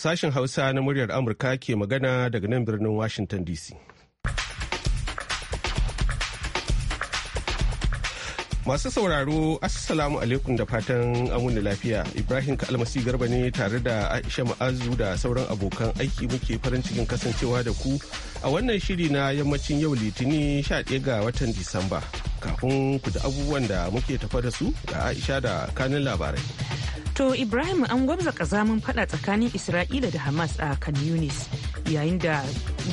Sashen Hausa na muryar Amurka ke magana daga nan birnin Washington DC. Masu sauraro, Assalamu alaikum da fatan amuni lafiya. Ibrahim Kalmasi Garba ne tare da Aisha Ma'azu da sauran abokan aiki muke farin cikin kasancewa da ku a wannan shiri na yammacin yau Litini 11 ga watan Disamba. Kafin ku da abubuwan da muke tafa da su ga Aisha da kanin labarai. To Ibrahim an gwamza kazamin fada tsakanin Isra'ila da Hamas a kan Yunis yayin da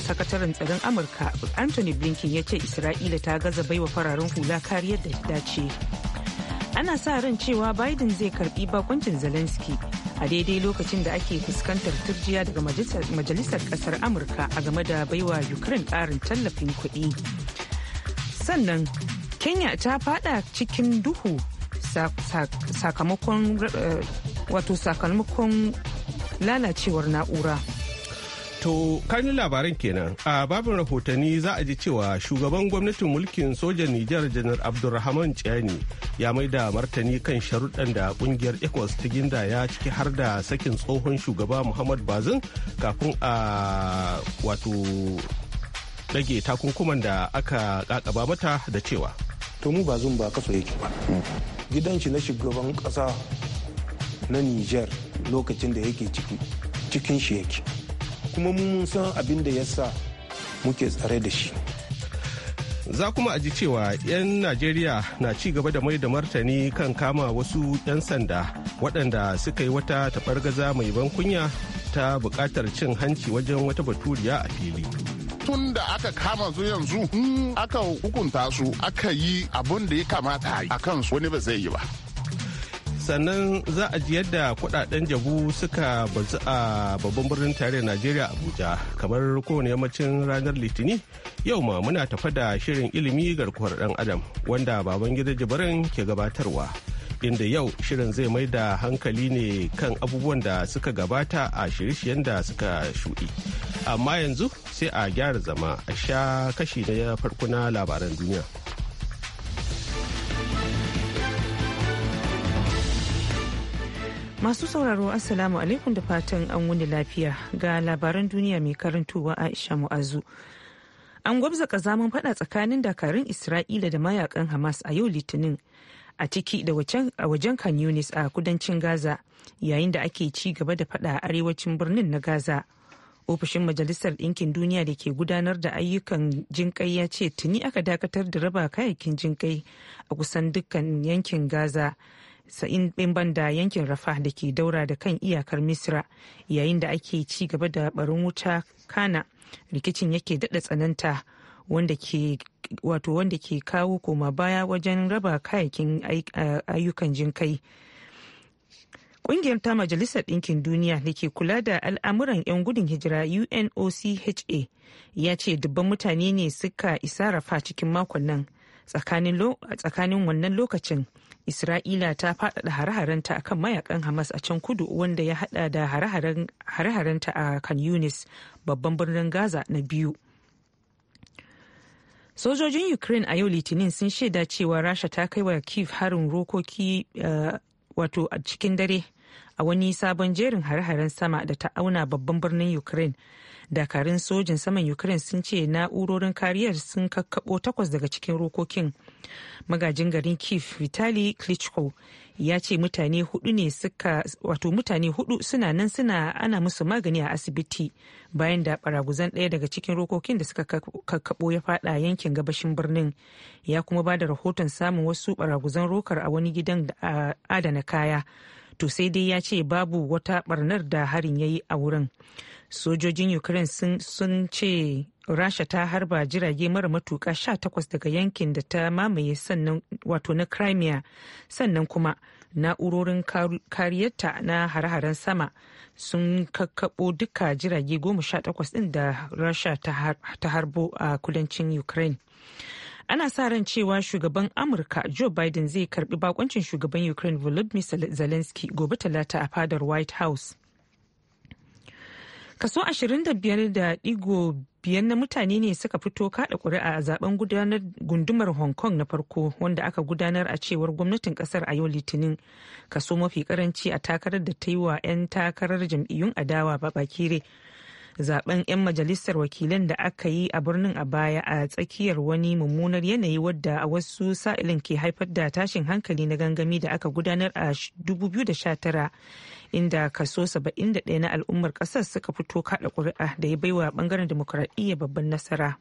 sakataren tsaron Amurka Anthony Blinken ya ce Isra'ila ta gaza baiwa fararen hula kariyar da dace. Ana sa ran cewa Biden zai karbi bakuncin Zelensky a daidai lokacin da ake fuskantar turjiya daga majalisar kasar amurka a game da baiwa ukraine karin tallafin kuɗi sannan kenya ta fada cikin duhu sakamakon eh, wato sakamakon lalacewar na'ura. To kanin labaran kenan a babin rahotanni za a ji cewa shugaban gwamnatin mulkin sojan Nijar janar Abdulrahman Tiani ya maida martani kan sharuɗan da kungiyar ECOWAS ta ginda ya ciki har da sakin tsohon shugaba Muhammad Bazin kafin a wato takunkuman da aka ƙaƙaba mata da cewa. to mu ba zun ba kaso yake ba gidan shi na shugaban kasa na niger lokacin da yake ciki cikin shi yake kuma mun san abin da ya sa muke tsare da shi za kuma aji cewa 'yan najeriya na ci gaba da mai da martani kan kama wasu 'yan sanda waɗanda suka yi wata taɓargaza mai ban kunya ta buƙatar cin hanci wajen wata baturiya a fili tun da aka kama su yanzu in aka hukunta su aka yi abin da ya kamata a kan su wani ba zai yi ba sannan za a ji yadda kudaden jabu suka bazu a babban birnin tarayyar najeriya abuja kamar kowane yammacin ranar litini yau ma muna tafa da shirin ilimi garkuwar dan adam wanda baban gida jibirin ke gabatarwa inda yau shirin zai mai da hankali ne kan abubuwan da suka gabata a shirye da suka shuɗi. Amma yanzu sai a gyara zama a sha kashi na farko na labaran duniya. Masu sauraro Assalamu alaikum da fatan an wuni lafiya ga labaran duniya mai karantowa Aisha Mu'azu. An gwabza kazaman faɗa tsakanin dakarun Isra'ila da mayakan Hamas a yau Litinin a ciki da wajen kan a kudancin gaza yayin da ake ci gaba da fada a arewacin birnin na gaza ofishin majalisar ɗinkin duniya da ke gudanar da ayyukan jinƙai ya ce tuni aka dakatar da raba kayayyakin jinƙai a kusan dukkan yankin gaza sa'in ɗimban da yankin rafa da ke daura da kan iyakar misra yayin da ake ci gaba da barin wuta kana rikicin yake daɗa tsananta wanda ke wato wanda ke kawo koma baya wajen raba kayakin ayyukan jin kai kungiyar ta majalisar ɗinkin duniya da ke kula da al'amuran 'yan gudun hijira unocha ya ce dubban mutane ne suka isa rafa cikin makon nan tsakanin wannan lokacin isra'ila ta faɗaɗa hare-harenta a kan mayakan hamas a can kudu wanda ya haɗa da hare-harenta a kan yunis babban birnin gaza na biyu sojojin ukraine a yau litinin sun shaida cewa rasha ta kai wa kiev harin rokoki eh, wato a cikin dare a wani sabon jerin har haren sama da ta auna babban birnin ukraine dakarun sojin saman ukraine sun ce na'urorin kariyar sun kakkabo takwas daga cikin rokokin magajin garin kif vitali klitschko ya ce mutane hudu ne suka wato mutane hudu suna nan suna ana musu magani a asibiti bayan da baraguzan daya daga cikin rokokin da suka kakkabo ya fada yankin gabashin birnin ya kuma ba da rahoton samun wasu baraguzan rokar a wani gidan da adana kaya to sai dai ya ce babu wata barnar da harin ya yi a wurin sojojin ukraine sun ce rasha ta harba jirage mara matuka 18 daga yankin da ta mamaye sannan wato na crimea sannan kuma na'urorin kariyarta na hare-haren sama sun kakkabo duka jirage 18 din da rasha ta harbo a kudancin ukraine ana sa ran cewa shugaban amurka joe biden zai karbi bakoncin shugaban ukraine volodymyr zelensky gobe talata a fadar white house kaso 25 da digo biyan na mutane ne suka fito kada kuri'a a zaben gudanar gundumar hong kong na farko wanda aka gudanar a cewar gwamnatin kasar a yau litinin kaso mafi karanci a takarar da ta yi wa 'yan takarar jam'iyyun adawa babakire zaben 'yan majalisar wakilan da aka yi a birnin a baya a tsakiyar wani mummunar yanayi wadda a wasu sa'ilin ke haifar da tashin hankali na gangami da aka gudanar a 2019 inda kaso 71 na al'ummar ƙasar suka fito kada ƙuri'a da ya baiwa bangaren demokuraɗiyya babban nasara.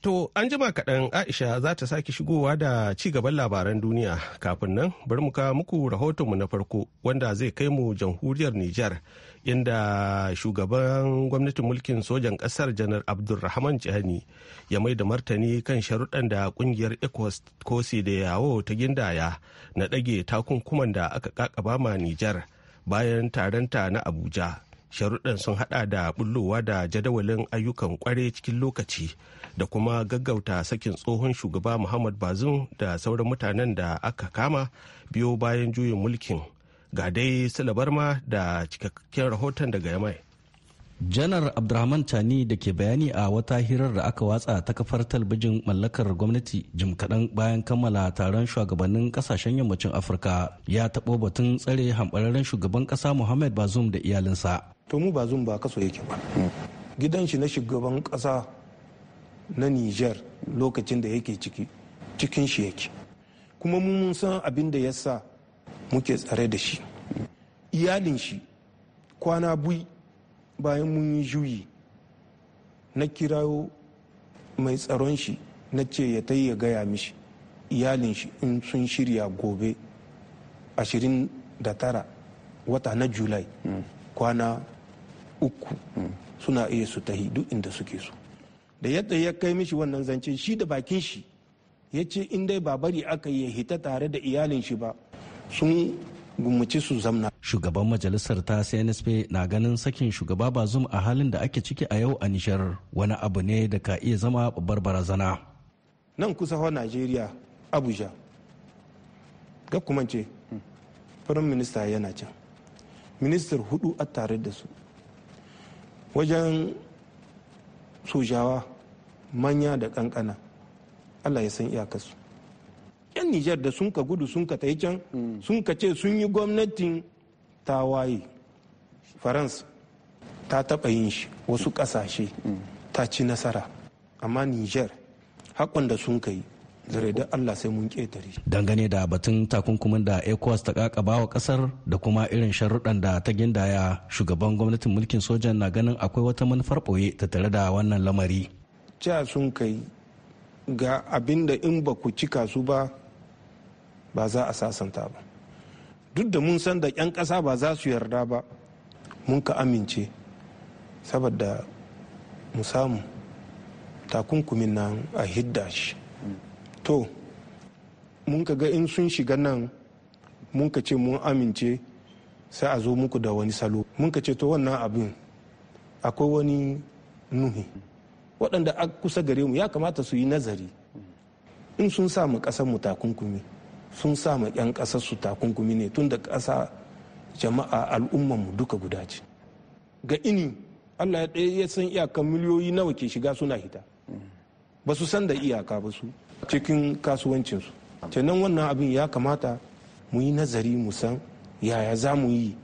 To, an jima kaɗan Aisha za ta sake shigowa da ci gaban labaran duniya kafin nan bari mu kawo muku rahotonmu na farko wanda zai kai mu jamhuriyar Nijar inda shugaban gwamnatin mulkin sojan ƙasar janar Abdulrahman Jihani ya mai da martani kan sharuɗan da ƙungiyar ECOWAS da yawo ta gindaya na ɗage takunkuman da aka kakaba ma Nijar bayan taronta na Abuja. sharuɗan sun haɗa da bullowa da jadawalin ayyukan kware cikin lokaci da kuma gaggauta sakin tsohon shugaba muhammad bazum da sauran mutanen da aka kama biyo bayan juyin mulkin ga dai ma da cikakken rahoton daga yamai janar abdurrahman tani da ke bayani a wata hirar da aka watsa ta kafar talbijin mallakar gwamnati jim kaɗan bayan kammala taron shugabannin kasashen yammacin afirka ya taɓo batun tsare hambararren shugaban kasa muhammad bazum da iyalinsa to mu bazum ba kaso yake ba hmm. gidan shi na shugaban kasa na niger lokacin da yake ciki cikin shi yake kuma mun san abin da yasa muke tsare da shi iyalin shi kwana bui bayan mun yi juyi na kirawo mai tsaron shi na ce ya ta ya gaya mishi iyalin shi in sun shirya gobe 29 wata na julai mm. kwana uku mm. suna iya su tahi duk inda suke so da yadda ya kai mishi wannan zance shi da bakin shi ya ce in dai ba bari aka yi ya hita tare da iyalin shi ba sun gummaci su zamna. Shugaban majalisar ta CNSP na ganin sakin shugaba ba Bazum a halin da ake ciki a yau a Nijar wani abu ne da ka iya zama babbar barazana. Nan kusa wa Najeriya Abuja. Ga kuma ce, Firin Minista yana can. Ministar hudu a tare da su. Wajen sojawa manya da kankana. Allah ya san iyakarsu. nijar da sun ka gudu sun ka tai can hmm. sun ka ce sun yi gwamnatin tawaye faransa ta taɓa yin shi wasu ƙasashe hmm. ta ci nasara amma nijar haƙon da sun ka yi zare da Allah sai mun ƙetare. Dangane da batun takunkumin da ECOWAS ta ƙaƙa wa kasar da kuma irin sharuɗan da ta gindaya shugaban gwamnatin mulkin sojan na ganin akwai wata manufar ɓoye ta tare da wannan lamari. Ja sun kai ga abin da in ba ku cika su ba ba za a sasanta ba duk da mun san da 'yan ƙasa ba za su yarda ba mun ka amince saboda mu samu takunkumin nan a hidda shi to mun ka ga in sun shiga nan mun ka ce mun amince sai a zo muku da wani salo mun ka ce to wannan abin akwai wani nuhi waɗanda a kusa gare mu ya kamata su yi nazari in sun samu ƙasar mu takunkumi sun sa ma 'yan ƙasar su takunkumi ne tun da ƙasa jama'a al'ummanmu duka guda ce ga ini allah ya san iyakan miliyoyi nawa ke shiga suna hita ba su san da iyaka ba su cikin kasuwancinsu kenan wannan abin ya kamata mu yi nazari mu san yaya za mu yi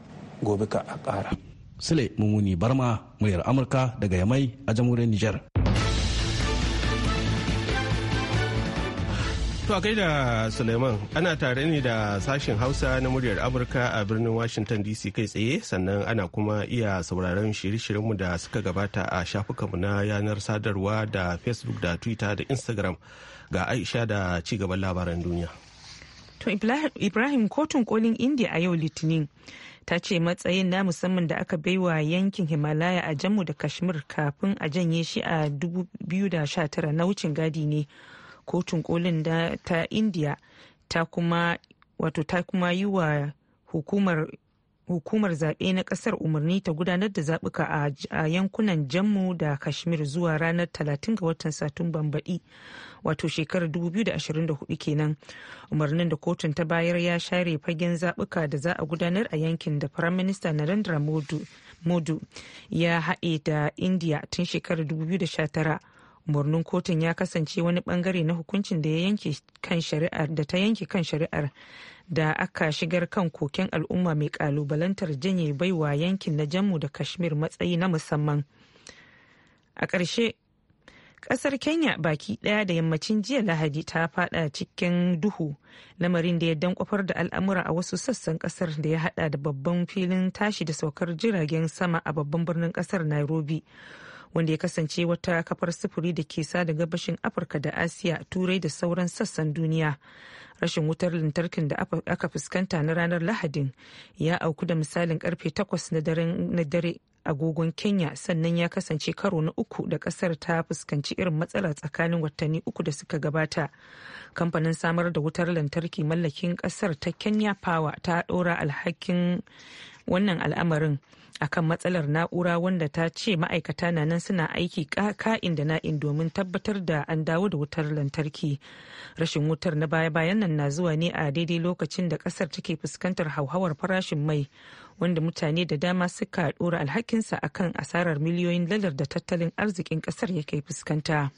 gobe ka a ƙara sule mummuni barma muryar amurka daga yamai a jamhuriyar niger To a gaida Suleiman ana tare ne da sashen Hausa na muryar Amurka a birnin Washington DC kai tsaye sannan ana kuma iya sauraron shirye-shiryenmu da suka gabata a shafukanmu na yanar sadarwa da Facebook da Twitter da Instagram ga Aisha da cigaban labaran duniya. To Ibrahim kotun kolin India a yau Litinin ta ce matsayin na musamman da aka baiwa yankin Himalaya a Jammu da Kashmir kafin a janye shi a 2019 na wucin gadi ne. kotun kolin ta indiya ta kuma wato ta kuma yi wa hukumar hukumar zaɓe na ƙasar umarni ta gudanar da zaɓuka a yankunan jammu da kashmir zuwa ranar 30 ga watan satumban baɗi wato shekarar 2024 kenan umarnin da kotun ta bayar ya share fagen zaɓuka da za a gudanar a yankin da firaminista narendra modu ya haɗe da indiya tun shekarar 2019 murnin kotun ya kasance wani bangare na hukuncin da ya yanke kan shari'ar da ta yanke kan shari'ar da aka shigar kan koken al'umma mai kalubalantar janye baiwa yankin na jammu da kashmir matsayi na musamman a ƙarshe ƙasar kenya baki ɗaya da yammacin jiya lahadi ta fada cikin duhu lamarin da ya dankwafar da al'amura a wasu sassan ƙasar da ya hada da babban filin tashi da saukar jiragen sama a babban birnin ƙasar nairobi wanda ya kasance wata kafar sufuri da ke sa da gabashin afirka da asiya turai da sauran sassan duniya rashin wutar lantarkin da aka fuskanta na ranar lahadin ya auku da misalin karfe 8 na dare agogon kenya sannan ya kasance karo na uku da kasar ta fuskanci irin matsala tsakanin watanni uku da suka gabata kamfanin samar da wutar lantarki mallakin kasar ta kenya power ta dora alhakin wannan al'amarin akan matsalar na'ura wanda ta ce ma'aikata na nan suna aiki ka'in da na'in domin tabbatar da an dawo da wutar lantarki rashin wutar na baya-bayan nan na zuwa ne a daidai lokacin da kasar take fuskantar hauhawar farashin mai wanda mutane da dama suka dora alhakinsa akan asarar miliyoyin lalar da tattalin arzikin kasar yake fuskanta.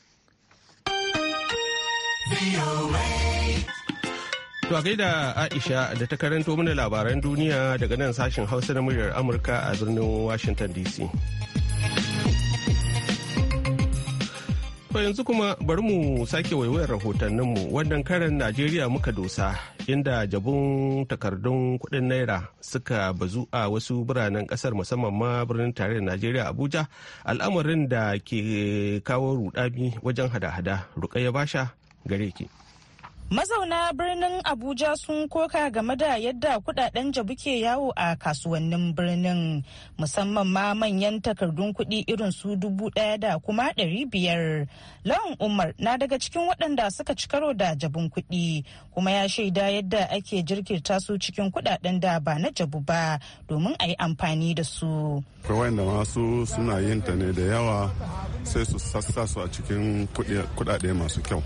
To a gaida Aisha da ta karanto mana labaran duniya daga nan sashen Hausa na muryar Amurka a birnin Washington DC. To yanzu kuma bari mu sake waiwayar rahotanninmu wannan karan Najeriya muka dosa inda jabun takardun kudin naira suka bazu a wasu biranen kasar musamman ma birnin tarayyar Najeriya Abuja al'amarin da ke kawo rudami wajen hada-hada rukayya basha gare ki. Mazauna birnin Abuja sun koka game da yadda kudaden jabu ke yawo a kasuwannin birnin musamman ma manyan takardun kuɗi irin su dubu ɗaya da kuma ɗari biyar. Lawan Umar na daga cikin waɗanda suka ci karo da jabun kuɗi kuma ya shaida yadda ake jirkita su cikin kudaden da ba na jabu ba domin a yi amfani da su. Kawai da masu suna yin ta ne da yawa sai su sassa su a cikin kuɗaɗe masu kyau.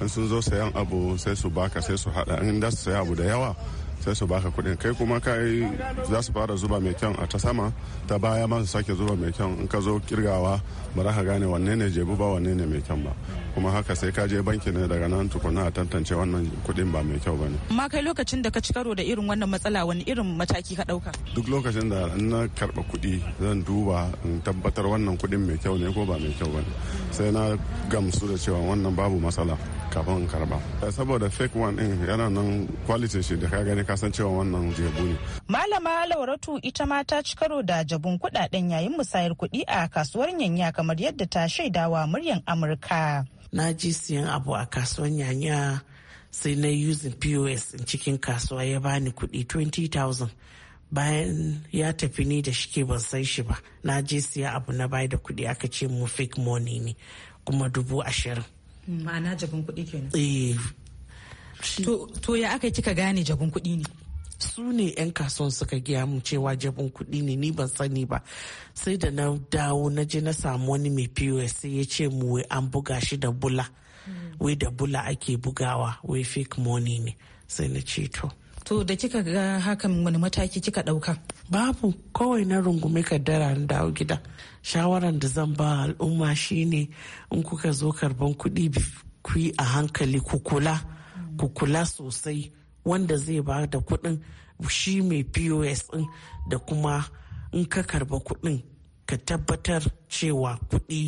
in sun zo sayan abu sai su baka sai su hada in da su saya abu da yawa sai su baka kuɗin kai kuma kai za su fara zuba mai kyan a ta sama ta baya ma su sake zuba mai kyan in ka zo kirgawa ba za ka gane wanne ne jebu ba wanne ne mai kyan ba kuma haka sai ka je banki ne daga nan tukuna a tantance wannan kuɗin ba mai kyau ba ne. amma kai lokacin da ka ci karo da irin wannan matsala wani irin mataki ka ɗauka. duk lokacin da na karba kuɗi zan duba in tabbatar wannan kuɗin mai kyau ne ko ba mai kyau ba ne sai na gamsu da cewa wannan babu matsala. kafin in karba eh, saboda fake one din yana nan quality shi da ka gani ka san cewa wannan jebu ne malama lauratu ita ma ta ci karo da jabun kudaden yayin musayar kuɗi a kasuwar yanya kamar yadda ta shaidawa muryan amurka na ji siyan abu a kasuwar yanya sai na using pos in cikin kasuwa ya bani kuɗi 20,000 bayan ya tafi ni da shike ban san shi ba na je siya abu na bai da kudi aka ce mu fake money ne kuma dubu ashirin ma'ana jabin kuɗi kenan eh. to ya aka kika gane jabin kuɗi ne su ne 'yan kasuwan suka gaya mun cewa jabin kuɗi ne ni ban sani ba sai da na dawo na je na samu wani mai pos sai ya ce mu wai an buga shi da bula hmm. wai da bula ake bugawa wai fake money ne sai na ce to to da kika ga hakan wani mataki kika ɗauka babu kawai na rungume kaddara na dawo gida shawaran da zan ba al'umma shine in kuka zo karban kuɗi ku yi a hankali ku kula ku kula sosai wanda zai ba da kuɗin shi mai pos din da kuma in ka karba kuɗin ka tabbatar cewa kuɗi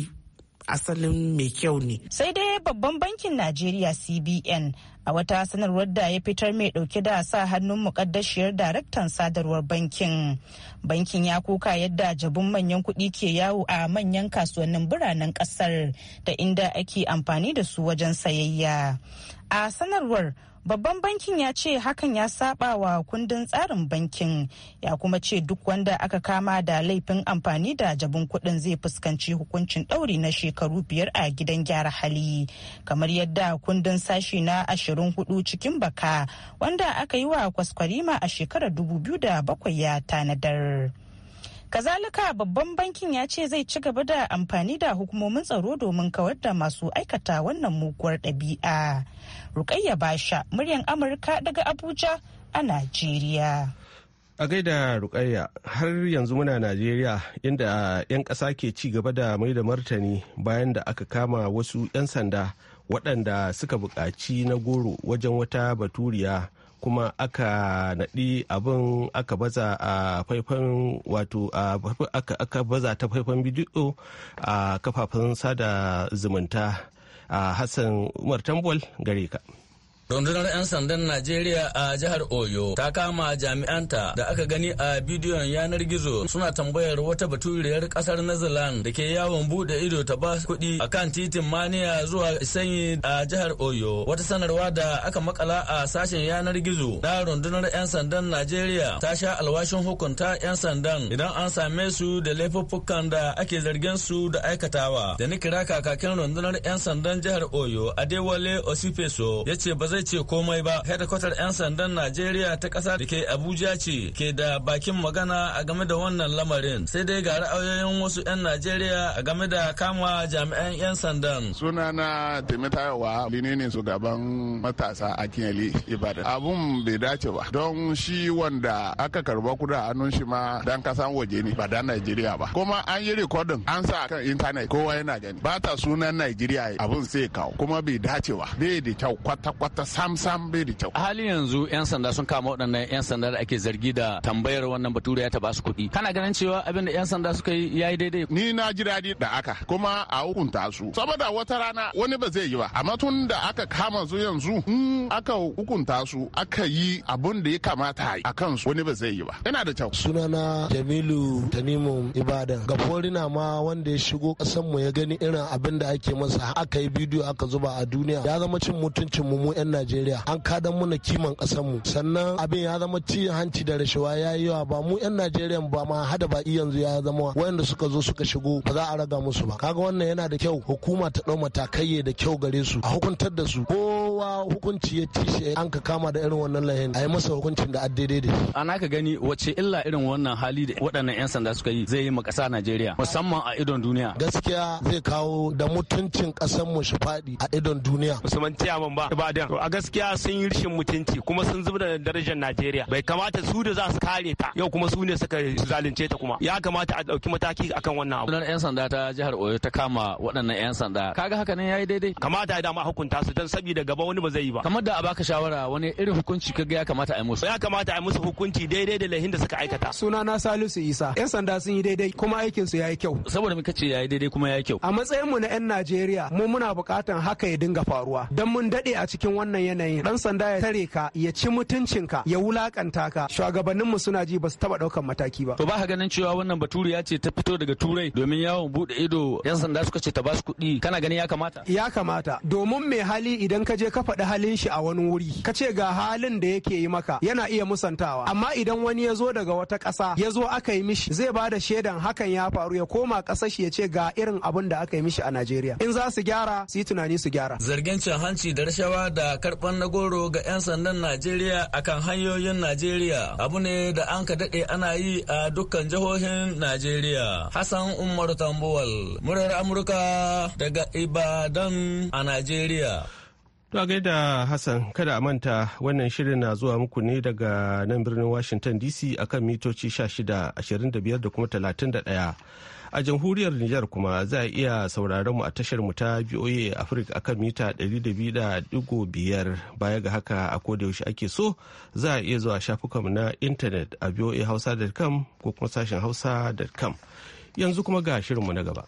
asalin mai kyau ne. Sai dai babban bankin Najeriya CBN a wata sanarwar da ya fitar mai dauke da sa hannun mukaddashiyar daraktan sadarwar bankin bankin ya kuka yadda jabun manyan kuɗi ke yawo a manyan kasuwannin biranen ƙasar da inda ake amfani da su wajen sayayya a sanarwar babban bankin ya ce hakan ya saba wa kundin tsarin bankin ya kuma ce duk wanda aka kama da laifin amfani da jabin kuɗin zai fuskanci hukuncin ɗauri na shekaru biyar a gidan gyara hali kamar yadda kundin sashi na ashirin hudu cikin baka wanda aka yi wa kwaskwarima a shekarar dubu biyu da bakwai ya tanadar. Kazalika babban bankin ya ce zai ci gaba da amfani da hukumomin tsaro domin kawar da masu aikata wannan muguwar ɗabi'a. Rukayya Basha, muryan Amurka daga Abuja a Najeriya. A gaida Rukayya har yanzu muna Najeriya inda 'yan ƙasa ke ci gaba da mai da martani bayan da aka kama wasu 'yan sanda waɗanda suka buƙaci na goro wajen wata baturiya kuma aka naɗi abin aka baza a faifan wato aka baza ta faifan bidiyo a kafafen sada zumunta a hassan umar tambol gare ka. Rundunar 'yan sandan Najeriya a jihar Oyo ta kama jami'anta da aka gani a bidiyon yanar gizo suna tambayar wata baturiyar kasar Netherlands da ke yawon bude ido ta ba kuɗi a kan titin Maniya zuwa isanyi a jihar Oyo. Wata sanarwa da aka makala a sashen yanar gizo na rundunar 'yan sandan Najeriya ta sha alwashin hukunta 'yan sandan idan an same su da laifuffukan da ake zargin su da aikatawa. Da ni kira kakakin rundunar 'yan sandan jihar Oyo Adewale Osifeso ya ce ba zai zai ce komai ba hedikwatar 'yan sandan najeriya ta kasa da ke abuja ce ke da bakin magana a game da wannan lamarin sai dai ga ra'ayoyin wasu 'yan najeriya a game da kama jami'an 'yan sandan sunana taimakawa lini ne gaban matasa a kinyali ibadan abun bai dace ba don shi wanda aka karba kuda hannun shi ma dan kasan waje ne ba dan najeriya ba kuma an yi rikodin an sa kan intanet kowa yana gani ba ta sunan najeriya abun sai kawo kuma bai dace ba bai da kyau kwata-kwata sam sam bai da kyau a halin yanzu yan sanda sun kama waɗannan yan sanda da ake zargi da tambayar wannan bature ya taba su kuɗi kana ganin cewa abin da yan sanda suka yi ya yayi daidai ni na ji daɗi da aka kuma a hukunta su saboda wata rana wani ba zai yi ba amma tun da aka kama su yanzu in aka hukunta su aka yi abun da ya kamata a kansu wani ba zai yi ba yana da kyau sunana jamilu tanimu ibadan na ma wanda ya shigo kasan mu ya gani irin abin da ake masa aka yi bidiyo aka zuba a duniya ya zama cin mutuncin mu mu yan najeriya an kadan muna kiman ƙasar mu sannan abin ya zama ci hanci da rashawa ya yi yawa ba mu yan najeriya ba ma hada baki yanzu ya zama wanda suka zo suka shigo ba za a raga musu ba kaga wannan yana da kyau hukuma ta dau matakai da kyau gare su a hukuntar da su kowa hukunci ya ci shi an ka kama da irin wannan lahin a yi masa hukuncin da addaidai da shi ana ka gani wace illa irin wannan hali da waɗannan 'yan sanda suka yi zai yi ma ƙasa najeriya musamman a idon duniya gaskiya zai kawo da mutuncin ƙasar mu shi faɗi a idon duniya musamman ciyaman ba ibadan to a gaskiya sun yi rishin mutunci kuma sun zubar da darajar najeriya bai kamata su da za su kare ta yau kuma su ne suka zalunce ta kuma ya kamata a ɗauki mataki akan wannan abu. yan sanda ta jihar oyo ta kama waɗannan yan sanda kaga haka ne yayi daidai. kamata ya dama hukunta su don saboda gaba wani ba zai yi ba. kamar da a baka shawara wani irin hukunci kaga ya kamata a yi musu. ya kamata a yi musu hukunci daidai da lahin da suka aikata. sunana salisu isa yan sanda sun yi daidai kuma aikin su yayi kyau. saboda muka ce yayi daidai kuma yayi kyau. a matsayin mu na yan najeriya mu muna buƙatan haka ya dinga faruwa dan mun dade a cikin wannan wannan yanayin dan sanda ya tare ka ya ci mutuncinka ya wulakanta ka shugabanninmu suna ji ba su taba daukan mataki ba to ba ganin cewa wannan baturi ya ce ta fito daga turai domin yawon bude ido yan sanda suka ce ta ba su kuɗi kana ganin ya kamata ya kamata domin mai hali idan ka je ka faɗi halin shi a wani wuri ka ce ga halin da yake yi maka yana iya musantawa amma idan wani ya zo daga wata ƙasa ya zo aka yi mishi zai ba da shaidan hakan ya faru ya koma ƙasar shi ya ce ga irin abin da aka yi mishi a Najeriya in za su gyara su yi tunani su gyara zargin cin hanci da rashawa da karɓar na goro ga 'yan sandan Najeriya akan hanyoyin Najeriya abu ne da an ka daɗe ana yi a dukkan jihohin Najeriya. Hassan Umar Tambuwal, murar Amurka daga Ibadan a Najeriya. To a gaida Hassan kada a manta wannan shirin na zuwa muku ne daga nan birnin Washington DC akan mitoci 16, 25 da kuma 31. a jamhuriyar Nijar kuma za a iya sauraron mu a tashar mu ta BOA Africa akan mita 200.5 baya ga haka a koda yaushe ake so za a iya zuwa shafukan na intanet a hausa.com ko kuma sashen hausa.com yanzu kuma ga shirinmu na gaba.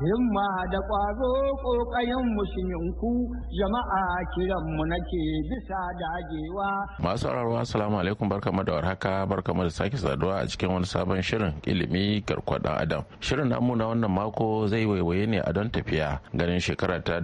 himma da ƙwazo ƙoƙayen musulminku jama'a kiranmu nake bisa dagewa. Masu sauraro assalamu alaikum barkamu da warhaka barkamu da sake saduwa a cikin wani sabon shirin ilimi karkwada adam. Shirin namu na wannan mako zai waiwaye ne a don tafiya ganin shekara ta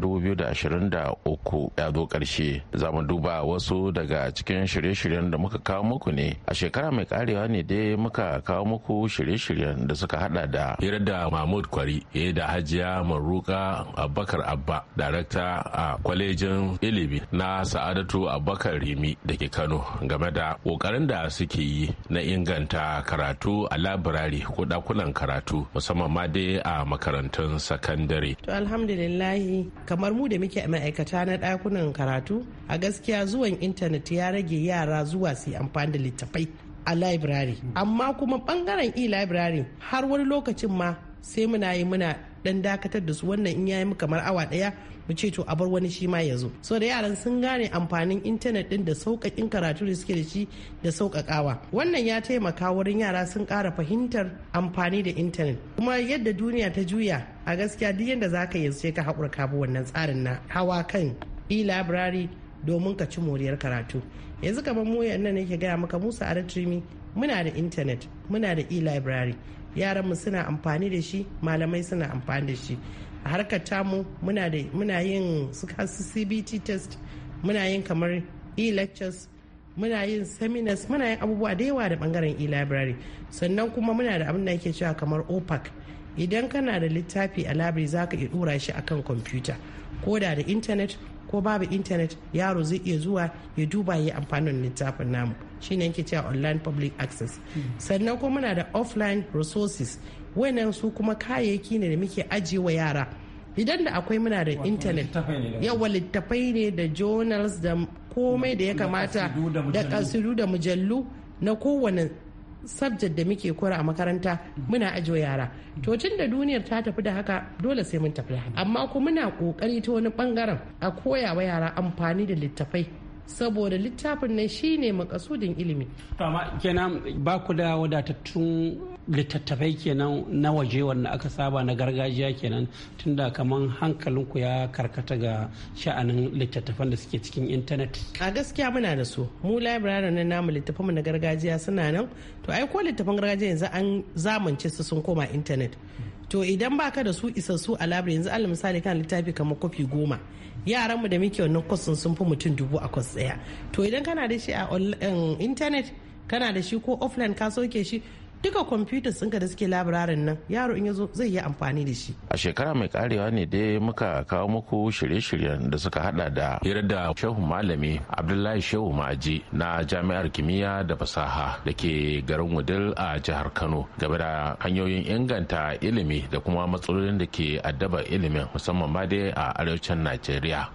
uku ya zo ƙarshe. Za mu duba wasu daga cikin shirye-shiryen da muka kawo muku ne. A shekara mai karewa ne dai muka kawo muku shirye-shiryen da suka hada da hirar da Mahmud Kwari da hajiya maruka abubakar abba darakta a kwalejin ilimi na sa'adatu abubakar rimi da ke kano game da kokarin da suke yi na inganta karatu a labirari ko dakunan karatu musamman ma dai a makarantun sakandare to alhamdulillahi kamar mu da muke ma'aikata na dakunan karatu a gaskiya zuwan intanet ya rage yara zuwa su amfani da littattafai a library amma kuma bangaren e-library har wani lokacin ma sai muna yi muna dan dakatar da su wannan in yayi kamar awa daya mu ce to a bar wani shi ma ya zo so da yaran sun gane amfanin intanet din da sauƙaƙin karatu da suke da shi da sauƙaƙawa wannan ya taimaka wurin yara sun ƙara fahimtar amfani da intanet kuma yadda duniya ta juya a gaskiya duk yadda za ka yanzu sai ka haƙura ka bi wannan tsarin na hawa kan e-library domin ka ci moriyar karatu yanzu kamar mu nan nake gaya maka musa a muna da intanet muna da e-library yaranmu suna amfani da shi malamai suna amfani da shi a harkar tamu muna yin su cbt test muna yin kamar e-lectures muna yin seminars muna yin abubuwa da yawa da bangaren e-library sannan kuma muna da abin da ake cewa kamar opac idan kana da littafi a library za ka iya dora shi akan kwamfuta ko da da intanet ko babu intanet yaro zai iya zuwa ya duba ya amfanin littafin namu shine yake cewa online public access sannan kuma muna da offline resources wayannan su kuma kayayyaki ne da muke ajiyewa yara idan da akwai muna da intanet yawa littafai ne da journals da komai da ya kamata da kasidu da mujallu na kowane subject da muke kora a makaranta muna ajo yara to tun da duniyar ta tafi da haka dole sai mun tafi amma kuma muna kokari ta wani bangaren a koya wa yara amfani da littafai saboda littafin nan shine makasudin ilimi amma kenan ba ku da wadatattun littattafai kenan na waje wanda aka saba na gargajiya kenan tunda kaman ku ya karkata ga sha'anin littattafan da suke cikin intanet a gaskiya muna da su mu library na namu littafan mu na gargajiya suna nan to ai ko littattafan gargajiya yanzu an zamance su sun koma intanet to idan baka da su isassu a labirin yanzu alal misali kan littafi kamar kofi goma yaranmu da muke wannan kwas sun fi mutum dubu a kwas daya to idan kana da shi a eh, intanet kana da shi ko offline ka soke shi duka kwamfuta sun da suke labirarin nan yaro in ya zo zai yi amfani da shi a shekara mai karewa ne dai muka kawo muku shirye-shiryen da suka hada da hirar da shehu malami abdullahi shehu ma'aji na jami'ar kimiyya da fasaha da ke garin wudil a jihar kano game da hanyoyin inganta ilimi da kuma matsalolin da ke addaba ilimin musamman ma dai a arewacin najeriya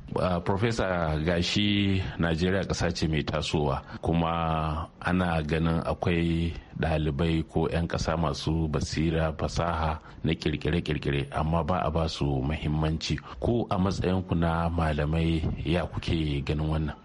profesa gashi najeriya kasa ce mai tasowa kuma ana ganin akwai dalibai ko 'yan ƙasa masu basira fasaha na kirkire-kirkire amma ba a ba su mahimmanci ko a matsayinku na malamai ya kuke ganin wannan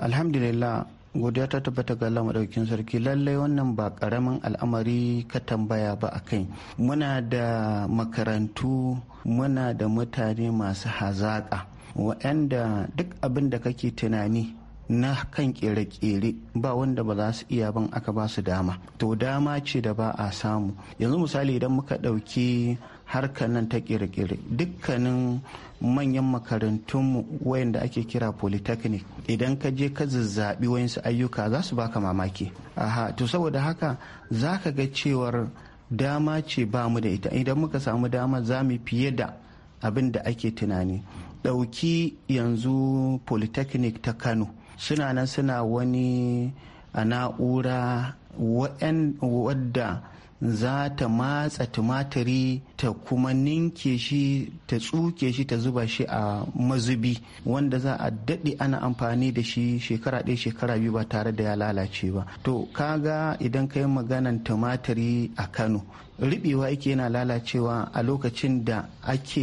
alhamdulillah godiya ta tabbata ga Allah madaukakin sarki lallai wannan ba karamin al'amari ka tambaya ba a kai muna da makarantu muna da mutane masu hazaƙa waɗanda duk abin da kake tunani na kan kere-kere ba wanda ba za su iya ban aka ba su dama to dama ce da ba a samu yanzu misali idan muka ɗauki harkar nan ta kere-kere dukkanin manyan makarantunmu wayanda ake kira polytechnic idan ka je ka zazzabi wayansu ayyuka za su baka mamaki aha to saboda haka za ka ga cewar dama ce ba mu da ita idan muka samu dama za mu fiye da abin da ake tunani dauki yanzu polytechnic ta kano suna nan suna wani a na'ura wadda za ta matsa tumatiri ta kuma ninke shi ta tsuke shi ta zuba shi a mazubi wanda za a daɗe ana amfani da shi shekara ɗaya shekara biyu ba tare da ya lalace ba to kaga idan ka yi maganan tumatiri a kano riɓewa yake yana lalacewa a lokacin da ake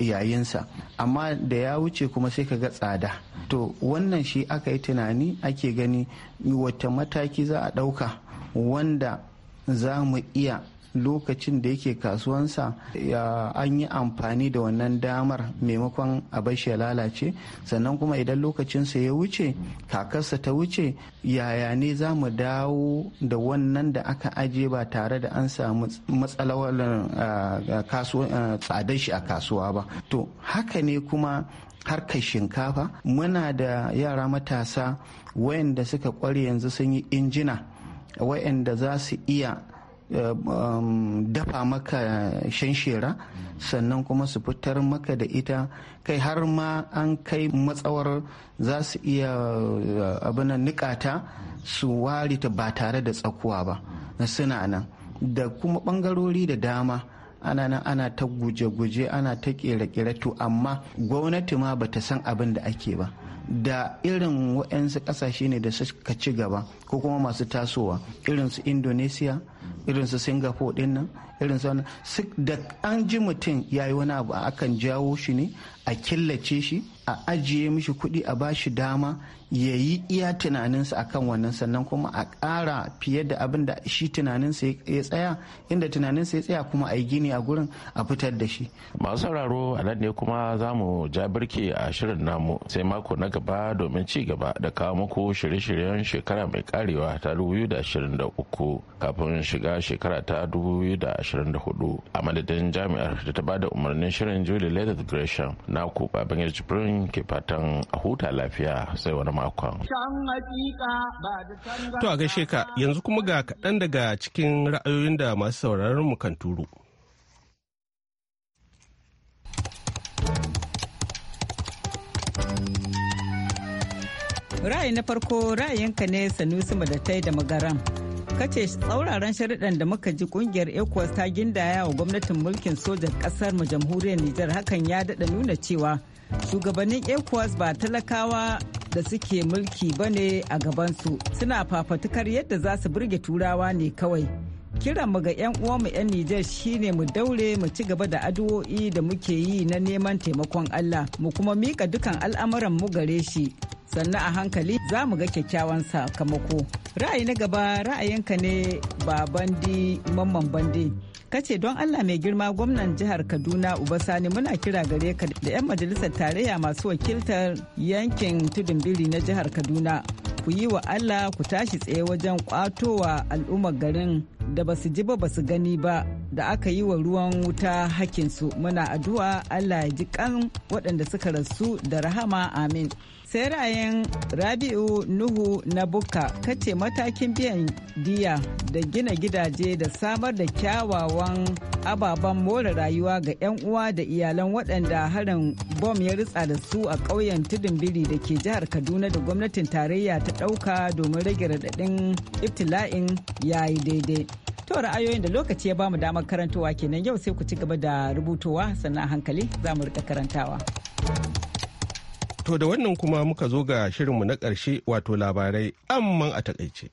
yayinsa amma da ya wuce kuma sai ka ga tsada to wannan shi aka yi tunani ake gani wata mataki za a ɗauka wanda za mu iya lokacin da yake kasuwansa an yi amfani da wannan damar maimakon a shi ya lalace sannan kuma idan lokacinsa ya wuce kakarsa ta wuce yaya ne za mu dawo da wannan da aka aje ba tare da an samu matsalawar tsadar shi a kasuwa ba to haka ne kuma harkar shinkafa muna da yara matasa wayanda suka kware yanzu sun yi injina waɗanda za su iya eh, um, dafa maka shanshera sannan kuma su fitar maka da ita kai har ma an kai matsawar za su iya eh, abinan nikata su ware ta ba tare da tsakuwa ba suna nan da kuma bangarori da dama ana nan ana ta guje-guje ana ta kere-kere to amma gwamnati ma bata san abin da ake ba da irin waɗansu ƙasashe ne da suka ci gaba ko kuma masu tasowa irin su indonesia irin su singapore din nan irin su da an ji mutum ya yi wani abu akan jawo shi ne a killace shi a ajiye mishi kuɗi a bashi dama ya yi iya tunaninsa akan wannan sannan kuma a ƙara fiye da abin da shi tunaninsa ya tsaya inda tunaninsa ya tsaya kuma a yi gini a gurin a fitar da shi. masu sauraro a nan ne kuma za mu ja birki a shirin namu sai mako na gaba domin ci gaba da kawo muku shirye-shiryen shekara mai karewa ta uku kafin shiga shekara ta hudu a madadin jami'ar da ta bada umarnin shirin julie leather gresham na ku babban jibrin ke fatan a huta lafiya sai wani makon. To a gaishe ka yanzu kuma ga kaɗan daga cikin ra'ayoyin da masu sauraron mu kan turu. Ra'ayi na farko ra'ayinka ne Sanusi Madatai da Magaram. kace tsauraran sharuɗan da muka ji ƙungiyar ecowas ta gindaya wa gwamnatin mulkin sojan ƙasar mu jamhuriyar nijar hakan ya daɗa nuna cewa shugabannin ecowas ba talakawa da suke mulki ba ne a gabansu suna fafatukar yadda za su burge turawa ne kawai kiran mu ga 'yan uwanmu 'yan Nijar shine mu daure mu ci gaba da addu'o'i da muke yi na neman taimakon Allah mu kuma mika dukan al'amuran mu gare shi sannan a hankali za mu ga kyakkyawan sakamako ra'ayi na gaba ra'ayinka ne ba di mamman bandi ce don allah mai girma gwamnan jihar kaduna uba Sani muna kira gare ka da 'yan majalisar tarayya masu wakiltar yankin tudun biri na jihar kaduna ku yi wa allah ku tashi tsaye wajen kwatowa al'ummar garin da ba su ji ba ba su gani ba da aka yi wa ruwan wuta hakinsu muna addu'a allah ya ji kan waɗanda suka rasu da rahama amin sai rayan rabi'u nuhu na buka kace matakin biyan diya da gina gidaje da samar da kyawawan ababen more rayuwa ga 'yan uwa da iyalan waɗanda harin bom ya ritsa da su a ƙauyen tudun biri da ke jihar kaduna da gwamnatin tarayya ta ɗauka domin rage raɗaɗin ibtila'in yi daidai To ra'ayoyin da lokaci ya bamu damar karantowa kenan yau sai ku ci gaba da rubutowa sannan hankali za mu rika karantawa. To da wannan kuma muka zo ga shirinmu na ƙarshe wato labarai amman a takaice.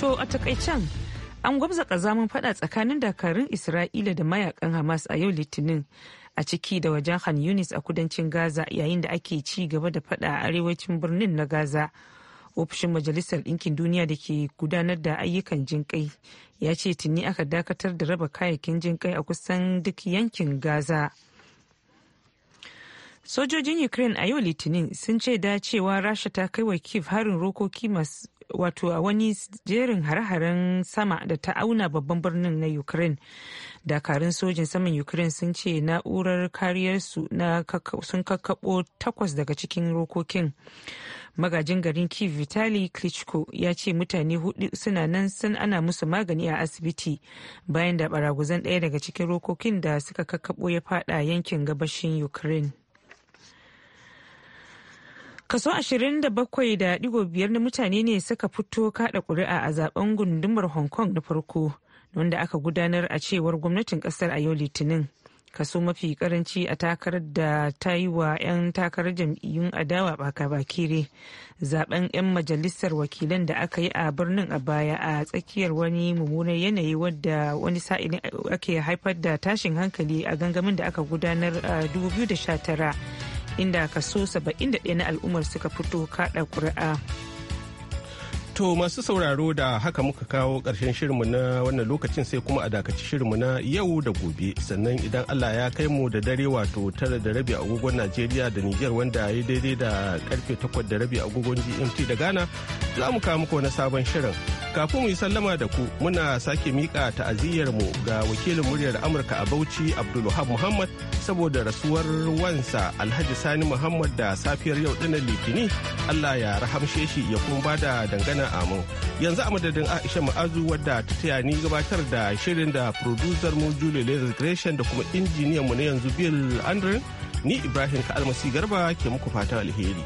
To a takaicen an gwabza kazamin fada tsakanin dakarun Isra'ila da mayakan Hamas a yau Litinin a ciki da wajen Han Yunis a kudancin Gaza yayin da ake ci gaba da fada a arewacin birnin na Gaza. ofishin majalisar ɗinkin duniya da ke gudanar da ayyukan jinƙai ya ce tuni aka dakatar da raba kayayyakin jinƙai a kusan duk yankin gaza sojojin ukraine a yau litinin sun ce da cewa rasha ta kai wa kiev harin rokoki masu wato a wani jerin hare-haren sama da ta auna babban birnin na ukraine dakarun sojin saman ukraine sun ce na'urar kariyarsu na sun kakkabo takwas daga cikin rokokin magajin garin kiev vitali klitschko ya ce mutane hudu suna nan sun ana musu magani a asibiti bayan da baraguzan ɗaya daga cikin rokokin da suka kakkabo ya fada yankin gabashin ukraine kaso 27.5 na mutane ne suka fito kada kuri'a a zaben gundumar hong kong na farko wanda aka gudanar a cewar gwamnatin kasar a yau litinin kaso mafi karanci a takarar da ta yi wa 'yan takarar jam'iyyun adawa baka bakire zaben 'yan majalisar wakilan da aka yi a birnin a baya a tsakiyar wani mummunan yanayi wadda wani sa'ilin ake haifar da tashin hankali a gangamin da aka gudanar a 2019 inda kaso 71 na al'ummar suka fito kada ƙuri'a To masu sauraro da haka muka kawo ƙarshen shirinmu na wannan lokacin sai kuma a dakaci shirinmu na yau da gobe sannan idan Allah ya kai mu da dare wato tara da rabi agogon Najeriya da Nijar wanda ya daidai da karfe takwas da rabi agogon GMT da Ghana za mu kawo muku wani sabon shirin. Kafin mu yi sallama da ku muna sake miƙa mu ga wakilin muryar Amurka a Bauchi Abdulwahab Muhammad saboda rasuwar wansa Alhaji Sani Muhammad da safiyar yau ɗinnan Litini Allah ya rahamshe shi ya kuma ba bada dangana amin. Yanzu a madadin Aisha Ma'azu wadda ta taya ni gabatar da shirin da producer mu Julie Lewis Gresham da kuma injiniyan mu na yanzu Bill Andrin ni Ibrahim Ka'almasi Garba ke muku fatan alheri.